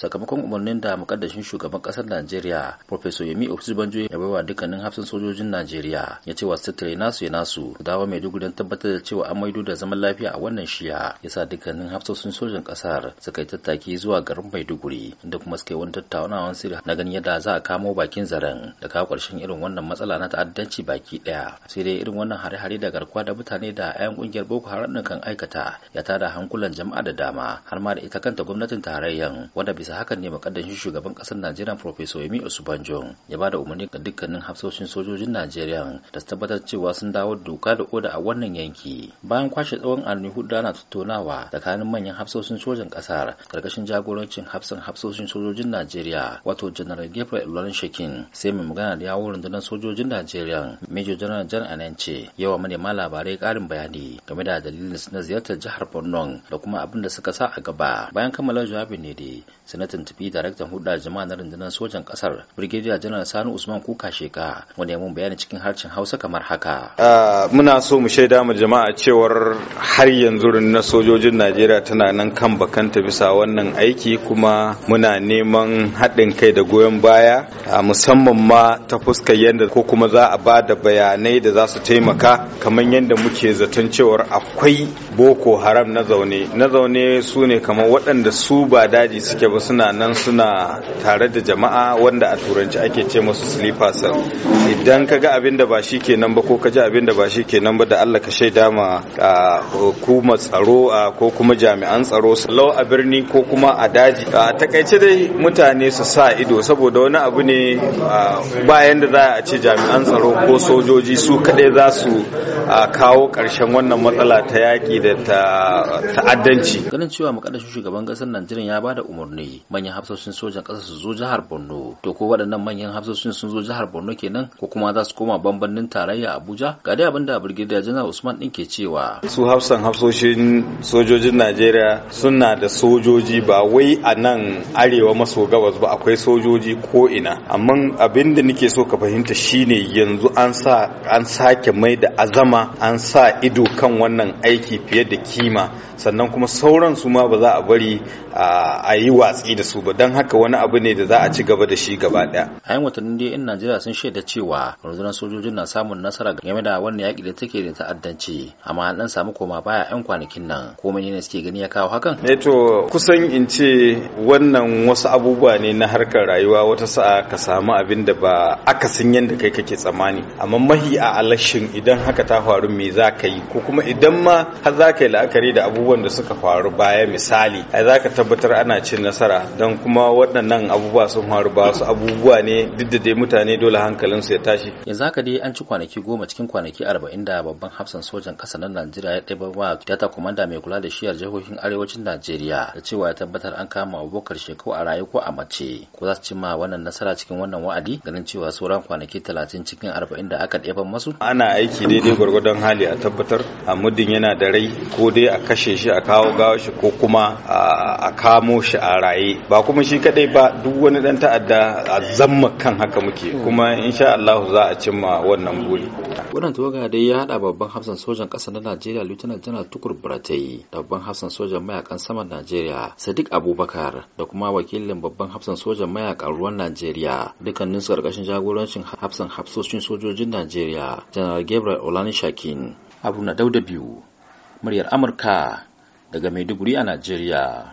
sakamakon umarnin da mukaddashin shugaban kasar Najeriya Professor Yemi Osibanjo ya baiwa dukkanin hafsan sojojin Najeriya ya ce wasu tattare nasu ya nasu dawo mai don tabbatar da cewa an maido da zaman lafiya a wannan shiya yasa dukkanin hafsoshin sojin kasar suka yi tattaki zuwa garin Maiduguri da kuma suka yi wani tattaunawan sirri na ganin yadda za a kamo bakin zaren da kawo ƙarshen irin wannan matsala na ta'addanci baki ɗaya sai dai irin wannan hare-hare da garkuwa da mutane da 'yan ƙungiyar Boko Haram kan aikata ya tada hankulan jama'a da dama har ma da ita kanta gwamnatin tarayyan wanda bisa bisa hakan ne makaddashin shugaban kasar najeriya professor yemi osubanjo ya bada umarni ga dukkanin hafsoshin sojojin najeriya da tabbatar cewa sun dawo doka da oda a wannan yanki bayan kwashe tsawon anni hudu ana tattaunawa tsakanin manyan hafsoshin sojan kasar karkashin jagorancin hafsan hafsoshin sojojin najeriya wato general gabriel lauren shekin sai mai magana da yawon rundunar sojojin najeriya major general jan anance yawa manema labarai karin bayani game da dalilin na ziyartar jihar borno da kuma abin da suka sa a gaba bayan kammala jawabin ne dai na tafi daraktan hulɗa jama'a na rundunar sojan ƙasar brigadier general sani usman kuka sheka wanda ya mun bayani cikin harshen hausa kamar haka muna so mu shaida mu jama'a cewar har yanzu rundunar sojojin najeriya tana nan kan bakanta bisa wannan aiki kuma muna neman haɗin kai da goyon baya musamman ma ta fuskar yadda ko kuma za a ba da bayanai da za su taimaka kamar yadda muke zaton cewar akwai boko haram na zaune na zaune su ne kamar waɗanda su ba daji suke ba suna nan suna tare da jama'a wanda a turanci ake ce musu sleeper idan ka ga abin da ba shi kenan ba ko ka ji abin da ba shi kenan ba da Allah ka shaida ma hukumar tsaro ko kuma jami'an tsaro lau a birni ko kuma a daji a takaice dai mutane su sa ido saboda wani abu ne bayan da za a ce jami'an tsaro ko sojoji su kaɗai za su kawo ƙarshen wannan matsala ta yaki da ta'addanci ganin cewa makadashin shugaban ƙasar najeriya ya bada umurni. umarni manyan hafsoshin sojan ƙasa su zo jihar Borno to ko waɗannan manyan hafsoshin sun zo jihar Borno kenan ko kuma za su koma bambannin tarayya Abuja ga dai abinda Brigadier General Usman ɗin ke cewa su hafsan hafsoshin sojojin Najeriya suna da sojoji ba wai a nan arewa maso gabas ba akwai sojoji ko ina amma abin da nake so ka fahimta shine yanzu an sa an sake mai da azama an sa ido kan wannan aiki fiye da kima sannan kuma sauran su ma ba za a bari a yi wasa hatsi da su ba don haka wani abu ne da za a ci gaba da shi gaba daya a yan watannin da yan najeriya sun shaida cewa rundunar sojojin na samun nasara game da wannan yaƙi da take da ta'addanci amma an dan samu koma baya yan kwanakin nan ko ne suke gani ya kawo hakan ne eh to kusan in ce wannan wasu abubuwa ne na harkar rayuwa wata sa'a ka samu abin da ba aka san yadda kai kake tsammani amma mahi a alashin idan haka ta faru me za ka yi ko kuma idan ma har za ka yi la'akari da abubuwan da suka faru baya misali ai za ka tabbatar ana cin nasara fara don kuma waɗannan abubuwa sun faru ba su abubuwa ne duk da dai mutane dole su ya tashi yanzu haka dai an ci kwanaki goma cikin kwanaki arba'in da babban hafsan sojan ƙasa na najeriya ya ɗaya wa data komanda mai kula da shiyar jihohin arewacin najeriya da cewa ya tabbatar an kama abubakar shekau a raye ko a mace ko za su cimma wannan nasara cikin wannan wa'adi ganin cewa sauran kwanaki talatin cikin arba'in da aka ɗaya masu ana aiki daidai gwargwadon hali a tabbatar a muddin yana da rai ko dai a kashe shi a kawo gawa shi ko kuma a kamo shi a raye tsaye ba kuma shi kadai ba duk wani dan ta'adda a zamma kan haka muke kuma insha Allah za a cimma wannan buri wannan tawaga dai ya hada babban hafsan sojan ƙasa na Najeriya Lieutenant General Tukur Buratai da babban hafsan sojan mayakan saman Najeriya Sadiq Abubakar da kuma wakilin babban hafsan sojan mayakan ruwan Najeriya dukkanin su karkashin jagorancin hafsan hafsoshin sojojin Najeriya General Gabriel olani shakin Haruna Dauda biyu muryar Amurka daga Maiduguri a Najeriya